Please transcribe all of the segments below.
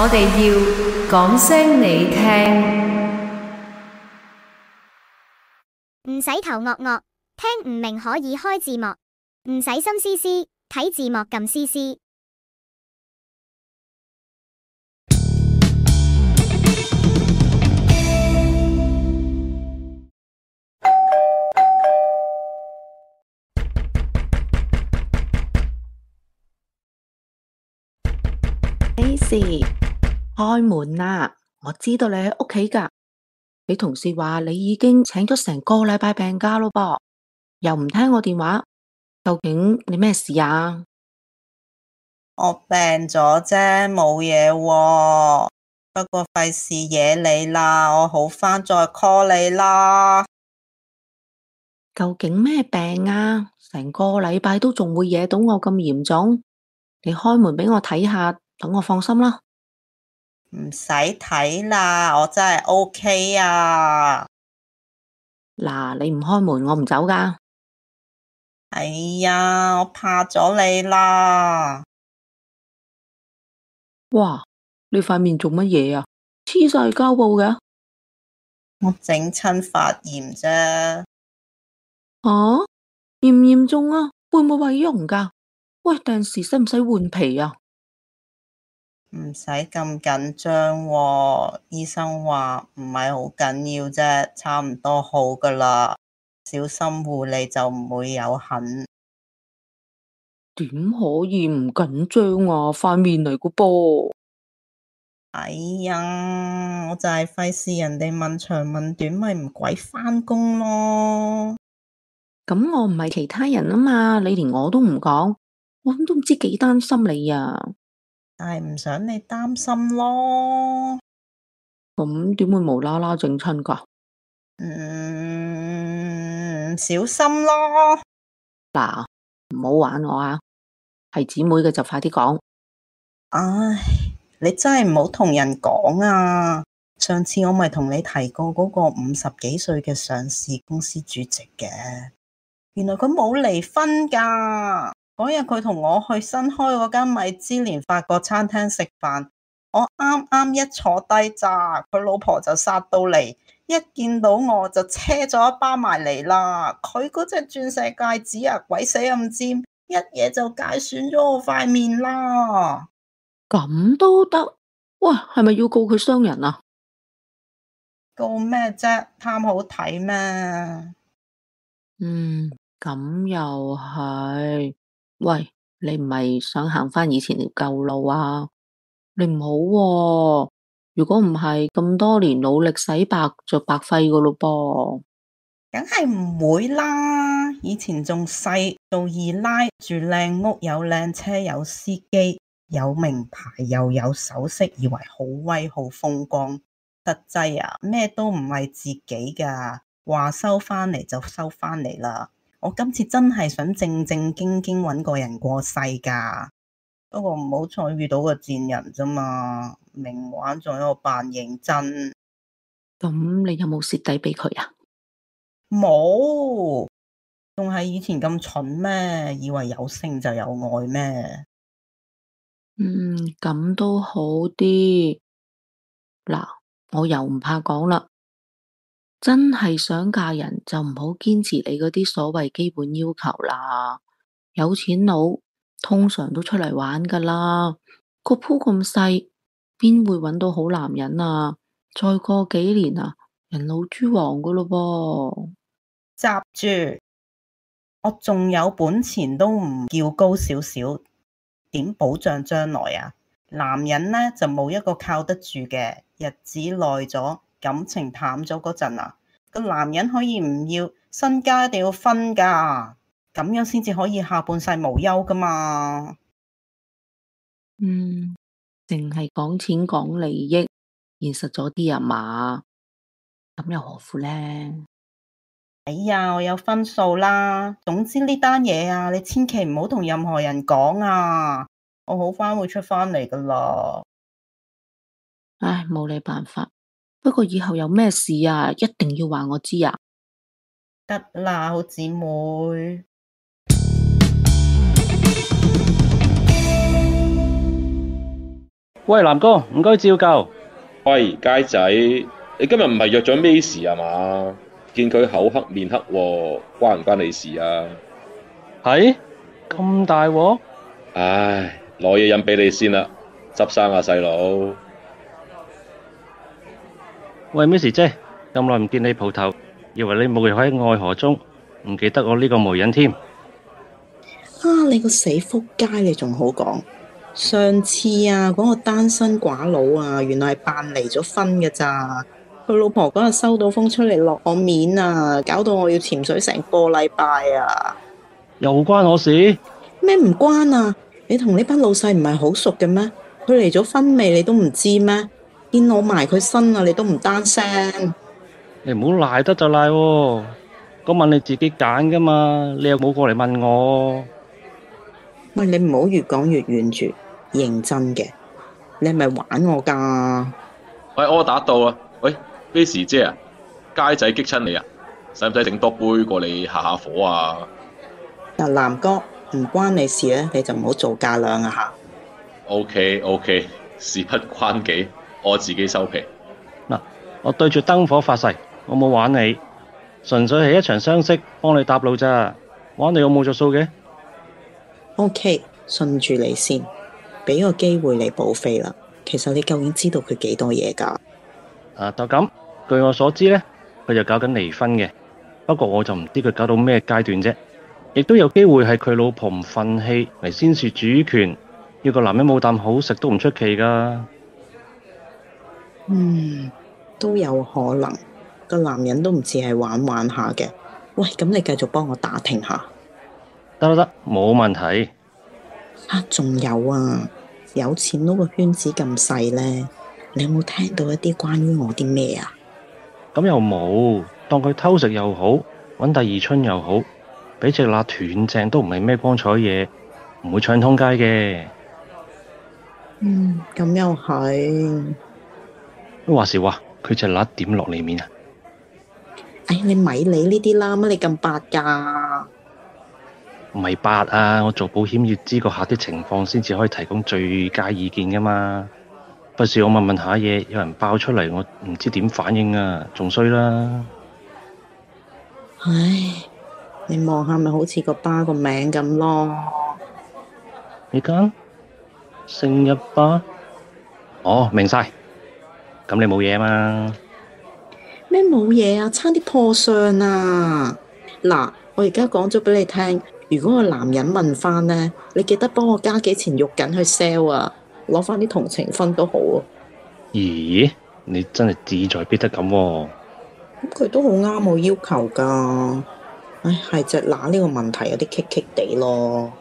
我哋要講聲你聽，唔使頭惡惡，聽唔明可以開字幕，唔使心思思，睇字幕撳思思。開門啦！我知道你喺屋企噶。你同事話你已經請咗成個禮拜病假咯，噃，又唔聽我電話。究竟你咩事啊？我病咗啫，冇嘢喎。不過費事惹、惹你啦，我好返再 call 你啦。究竟咩病啊？成個禮拜都仲會惹到我咁嚴重？你開門畀我睇下，等我放心啦。唔使睇啦，我真係 O K 啊！嗱，你唔開門，我唔走噶。哎呀，我怕咗你啦！哇，你塊面做乜嘢啊？黐晒膠布嘅，我整親發炎啫。哦，嚴唔嚴重啊？會唔會毀容噶？喂，定時使唔使換皮啊？唔使咁緊張，醫生話唔係好緊要啫，差唔多好噶啦，小心護理就唔會有痕。點可以唔緊張啊？塊面嚟個噃！哎呀，我就係費事人哋問長問短，咪唔鬼返工咯。咁我唔係其他人啊嘛，你連我都唔講，我都唔知幾擔心你啊。但係唔想你擔心咯。咁點會無啦啦整親噶？嗯，小心咯。嗱，唔好玩我啊，係姊妹嘅就快啲講。唉，你真係唔好同人講啊！上次我咪同你提過嗰個五十幾歲嘅上市公司主席嘅，原來佢冇離婚噶。嗰日佢同我去新開嗰間米芝蓮法國餐廳食飯，我啱啱一坐低咋，佢老婆就殺到嚟，一見到我就車咗一巴埋嚟啦。佢嗰隻鑽石戒指啊，鬼死咁尖，一嘢就解損咗我塊面啦。咁都得？哇，係咪要告佢傷人啊？告咩啫？貪好睇咩？嗯，咁又係。喂，你唔係想行翻以前條舊路啊？你唔好喎，如果唔係咁多年努力洗白就白費噶咯噃，梗係唔會啦。以前仲細，做二奶住靚屋，有靚車，有司機，有名牌，又有首飾，以為好威好風光。實際啊，咩都唔係自己噶，話收翻嚟就收翻嚟啦。我今次真係想正正經經搵個人過世噶不過唔好彩遇到個賤人啫嘛。明玩仲喺度扮認真，咁、嗯、你有冇蝕底畀佢啊？冇，仲係以前咁蠢咩？以為有性就有愛咩？嗯，咁都好啲。嗱，我又唔怕講啦。真係想嫁人，就唔好堅持你嗰啲所謂基本要求啦。有錢佬通常都出嚟玩噶啦，個鋪咁細，邊會揾到好男人啊？再過幾年啊，人老珠黃噶咯噃。夾住我仲有本錢，都唔叫高少少，點保障將來啊？男人呢，就冇一個靠得住嘅，日子耐咗。感情淡咗嗰陣啊，個男人可以唔要，身家一定要分噶，咁樣先至可以下半世無憂噶嘛。嗯，淨係講錢講利益，現實咗啲啊嘛，咁又何苦呢？哎呀，我有分數啦。總之呢單嘢啊，你千祈唔好同任何人講啊。我好翻會出翻嚟噶啦。唉，冇你辦法。不過以後有咩事啊，一定要話我知啊！得啦，好姊妹。喂，南哥，唔該照舊。喂，佳仔，你今日唔係約咗咩事啊嘛？見佢口黑面黑，啊，關唔關你事啊？係咁大鑊？唉，攞嘢飲俾你先啦，執生啊細佬。弟弟喂，Miss 姐,姐，咁耐唔見你蒲頭，以為你冇喺愛河中，唔記得我呢個媒人添。啊，你個死仆街，你仲好講？上次啊，嗰個單身寡佬啊，原來係扮離咗婚嘅咋？佢老婆嗰日收到風出嚟落我面啊，搞到我要潛水成個禮拜啊！又關我事？咩唔關啊？你同呢班老細唔係好熟嘅咩？佢離咗婚未？你都唔知咩？邊我埋佢身啊！你都唔單聲，你唔好賴得就賴，嗰晚你自己揀噶嘛，你又冇過嚟問我。喂，你唔好越講越遠住，認真嘅，你係咪玩我噶？喂，我打到啦！喂，Miss 姐啊，街仔激親你啊，使唔使整多杯過嚟下下火啊？嗱，南哥，唔關你事咧，啊，你就唔好做價量啊吓。OK，OK，okay, okay, 事不關己。我自己收皮嗱、啊，我對住燈火發誓，我冇玩你，純粹係一場相識，幫你搭路咋，玩你有冇着數嘅？O K，順住你先，俾個機會你補費啦。其實你究竟知道佢幾多嘢噶？啊，就咁，據我所知呢，佢就搞緊離婚嘅，不過我就唔知佢搞到咩階段啫。亦都有機會係佢老婆唔忿氣嚟先說主權，要個男人冇啖好食都唔出奇噶。嗯，都有可能。個男人都唔似係玩玩下嘅。喂，咁你繼續幫我打聽下。得得得，冇問題。吓、啊，仲有啊，有錢撈個圈子咁細呢，你有冇聽到一啲關於我啲咩啊？咁又冇，當佢偷食又好，搵第二春又好，俾隻乸斷正都唔係咩光彩嘢，唔會唱通街嘅。嗯，咁又係。話時話佢就甩點落你面啊！哎，你咪理呢啲啦，乜你咁八噶？唔係八啊！我做保險要知個客啲情況，先至可以提供最佳意見噶嘛。不是我問問下嘢，有人爆出嚟，我唔知點反應啊，仲衰啦！唉，你望下咪好似個吧個名咁咯。你講星一吧？哦，明晒。咁你冇嘢嘛？咩冇嘢啊？差啲破相啊！嗱，我而家講咗俾你聽，如果個男人問翻呢，你記得幫我加幾錢肉緊去 sell 啊，攞翻啲同情分都好啊！咦？你真係志在必得咁啊？咁佢都好啱我要求噶。唉，係只乸呢個問題有啲棘棘地咯。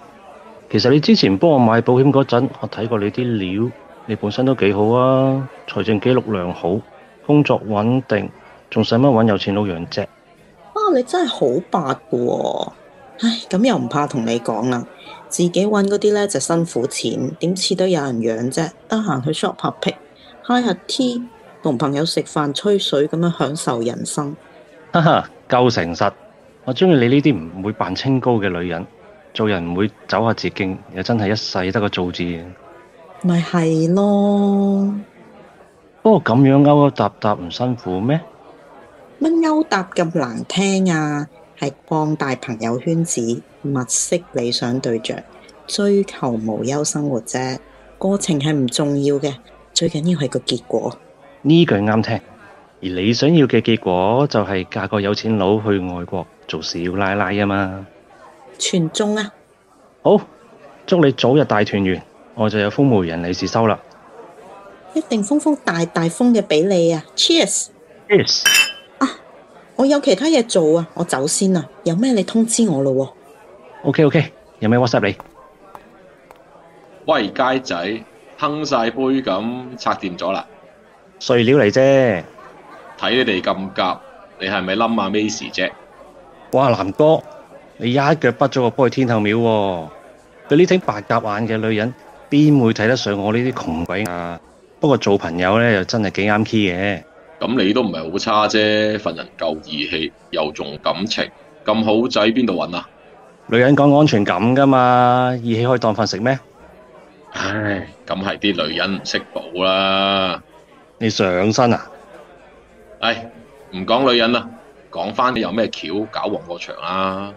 其實你之前幫我買保險嗰陣，我睇過你啲料。你本身都幾好啊，財政紀錄良好，工作穩定，仲使乜揾有錢佬養啫？啊，你真係好白嘅喎！唉，咁又唔怕同你講啦，自己揾嗰啲呢就辛苦錢，點似得有人養啫？得閒去 shopping，high 下 tea，同朋友食飯吹水咁樣享受人生。哈哈，夠誠實，我中意你呢啲唔會扮清高嘅女人，做人唔會走下捷徑，又真係一世得個做字。咪係咯，不過咁樣勾勾搭搭唔辛苦咩？乜勾搭咁難聽啊？係放大朋友圈子，物色理想對象，追求無憂生活啫。過程係唔重要嘅，最緊要係個結果。呢句啱聽，而你想要嘅結果就係嫁個有錢佬去外國做少奶奶啊嘛？全中啊！好，祝你早日大團圓。我就有封媒人利是收啦，一定封封大大封嘅俾你啊！Cheers！Cheers！Yes. 啊，我有其他嘢做啊，我先走先、啊、啦。有咩你通知我咯、啊？OK，OK，okay, okay, 有咩 WhatsApp 你？喂，街仔，哼晒杯咁拆掂咗啦，碎料嚟啫。睇你哋咁夾，你係咪冧阿咩事啫？哇，南哥，你一腳甩咗個波去天后廟、啊，佢呢種白鴿眼嘅女人。邊會睇得上我呢啲窮鬼啊？不過做朋友呢，又真係幾啱 key 嘅。咁你都唔係好差啫，份人夠義氣，又重感情，咁好仔邊度揾啊？女人講安全感噶嘛，義氣可以當飯食咩？唉，咁係啲女人唔識補啦。你上身啊？唉，唔講女人啦，講翻你有咩橋搞黃國祥啊。